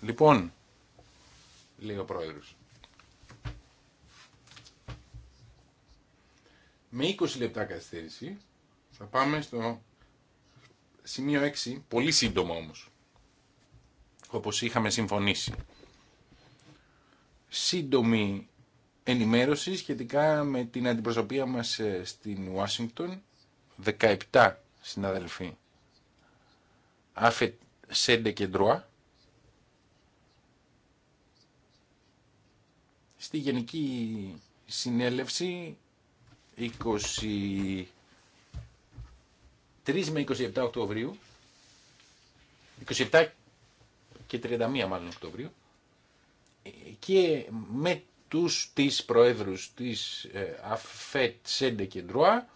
Λοιπόν, λέει ο πρόεδρο. Με 20 λεπτά καθυστέρηση θα πάμε στο σημείο 6, πολύ σύντομα όμως, όπως είχαμε συμφωνήσει. Σύντομη ενημέρωση σχετικά με την αντιπροσωπεία μας ε, στην Ουάσιγκτον, 17 συναδελφοί ΑΦΕΤ, ΣΕΝΤΕ και στη Γενική Συνέλευση 23 με 27 Οκτωβρίου 27 και 31 μάλλον Οκτωβρίου και με τους τις προέδρους της ε, ΑΦΕΤ, ΣΕΝΤΕ Κεντροά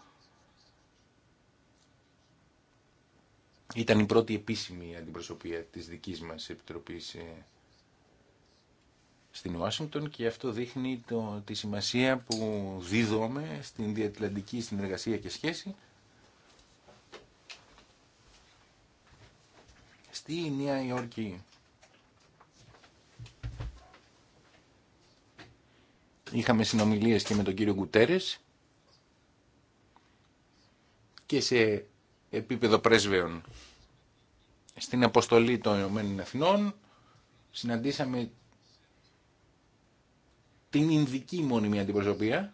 Ήταν η πρώτη επίσημη αντιπροσωπεία της δικής μας Επιτροπής ε, στην Ουάσιγκτον και αυτό δείχνει το, τη σημασία που δίδουμε στην διατλαντική συνεργασία και σχέση στη Νέα Υόρκη. Είχαμε συνομιλίες και με τον κύριο Γκουτέρες και σε επίπεδο πρέσβεων. Στην αποστολή των Ηνωμένων Εθνών συναντήσαμε την Ινδική μόνιμη αντιπροσωπεία,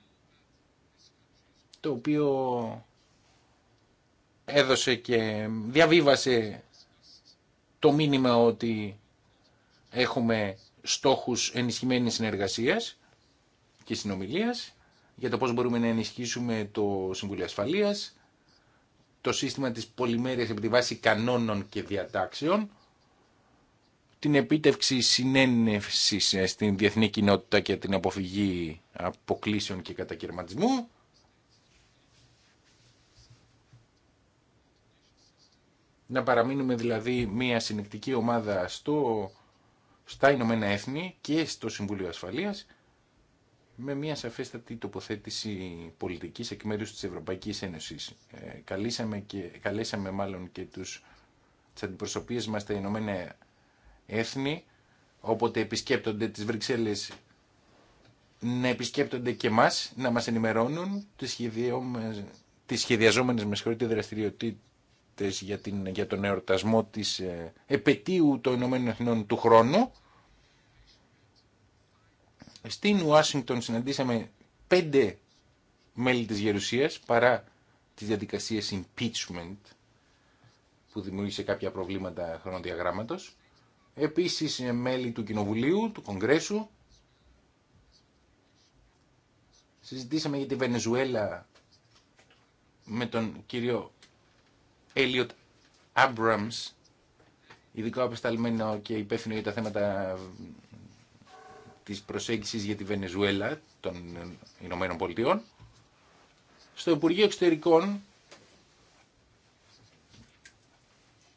το οποίο έδωσε και διαβίβασε το μήνυμα ότι έχουμε στόχους ενισχυμένης συνεργασίας και συνομιλίας για το πώς μπορούμε να ενισχύσουμε το Συμβουλίο Ασφαλείας, το σύστημα της πολυμέρειας επί τη βάση κανόνων και διατάξεων, την επίτευξη συνένευσης ε, στην διεθνή κοινότητα και την αποφυγή αποκλήσεων και κατακαιρματισμού, να παραμείνουμε δηλαδή μια συνεκτική ομάδα στο, στα Ηνωμένα Έθνη και στο Συμβούλιο Ασφαλείας, με μια σαφέστατη τοποθέτηση πολιτικής εκ μέρου της Ευρωπαϊκής Ένωσης. Ε, καλήσαμε, και, καλέσαμε μάλλον και τους, τις αντιπροσωπείες μας στα Ηνωμένα Έθνη, όποτε επισκέπτονται τις Βρυξέλλες να επισκέπτονται και μας, να μας ενημερώνουν τις, τις σχεδιαζόμενες με συγχωρείτε δραστηριοτήτες για, την... για τον εορτασμό της ε, επαιτίου των Ηνωμένων Εθνών του χρόνου στην Ουάσιγκτον συναντήσαμε πέντε μέλη της Γερουσίας παρά τις διαδικασίες impeachment που δημιούργησε κάποια προβλήματα χρονοδιαγράμματος. Επίσης μέλη του Κοινοβουλίου, του Κογκρέσου. Συζητήσαμε για τη Βενεζουέλα με τον κύριο Έλιοτ Άμπραμς, ειδικά απεσταλμένο και υπεύθυνο για τα θέματα Τη προσέγγιση για τη Βενεζουέλα των Ηνωμένων Πολιτειών. Στο Υπουργείο Εξωτερικών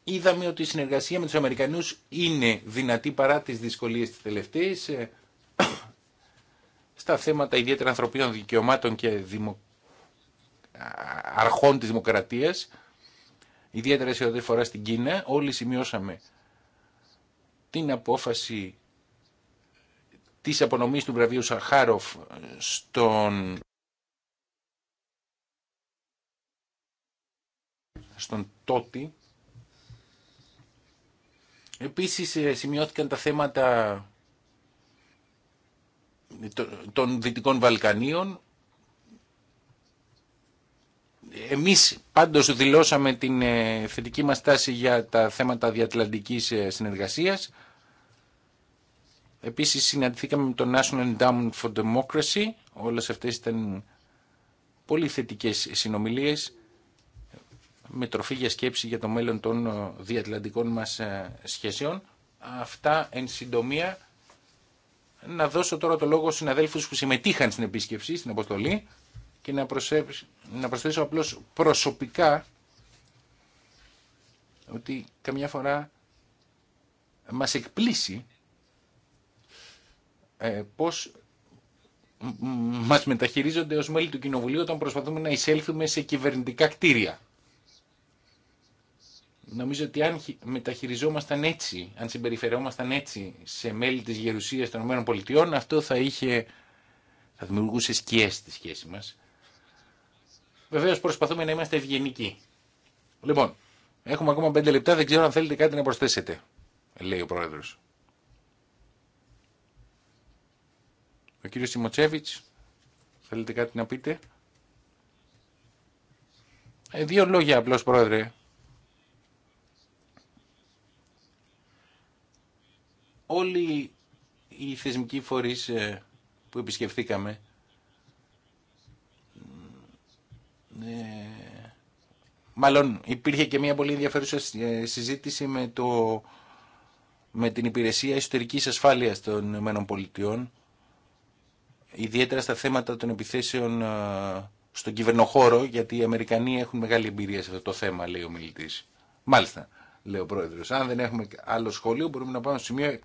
είδαμε ότι η συνεργασία με τους Αμερικανούς είναι δυνατή παρά τις δυσκολίες της τελευταίας ε, στα θέματα ιδιαίτερα ανθρωπίνων δικαιωμάτων και δημο... αρχών της δημοκρατίας, ιδιαίτερα σε ό,τι φορά στην Κίνα, όλοι σημειώσαμε την απόφαση της απονομής του βραβείου Σαχάροφ στον, στον Τότι. Επίσης ε, σημειώθηκαν τα θέματα των Δυτικών Βαλκανίων. Εμείς πάντως δηλώσαμε την ε, θετική μας τάση για τα θέματα διατλαντικής ε, συνεργασίας Επίσης συναντηθήκαμε με το National Endowment for Democracy. Όλες αυτές ήταν πολύ θετικές συνομιλίες με τροφή για σκέψη για το μέλλον των ε, διατλαντικών μας ε, σχέσεων. Αυτά εν συντομία να δώσω τώρα το λόγο στους συναδέλφους που συμμετείχαν στην επίσκεψη, στην αποστολή και να, προσέψω, να προσθέσω απλώς προσωπικά ότι καμιά φορά μας εκπλήσει ε, πώς μας μεταχειρίζονται ως μέλη του Κοινοβουλίου όταν προσπαθούμε να εισέλθουμε σε κυβερνητικά κτίρια. Νομίζω ότι αν μεταχειριζόμασταν έτσι, αν συμπεριφερόμασταν έτσι σε μέλη της γερουσίας των ΗΠΑ, αυτό θα, είχε, θα δημιουργούσε σκιές στη σχέση μας. Βεβαίως προσπαθούμε να είμαστε ευγενικοί. Λοιπόν, έχουμε ακόμα πέντε λεπτά, δεν ξέρω αν θέλετε κάτι να προσθέσετε, λέει ο Πρόεδρος. Ο κύριος Σιμοτσέβιτς, θέλετε κάτι να πείτε. Ε, δύο λόγια απλώς, Πρόεδρε. Όλοι οι θεσμικοί φορείς ε, που επισκεφθήκαμε ε, μάλλον υπήρχε και μια πολύ ενδιαφέρουσα συζήτηση με, το, με την υπηρεσία εσωτερικής ασφάλειας των ΗΠΑ ιδιαίτερα στα θέματα των επιθέσεων ε, στον κυβερνοχώρο, γιατί οι Αμερικανοί έχουν μεγάλη εμπειρία σε αυτό το θέμα, λέει ο μιλητή. Μάλιστα, λέει ο πρόεδρο. Αν δεν έχουμε άλλο σχόλιο μπορούμε να πάμε στο σημείο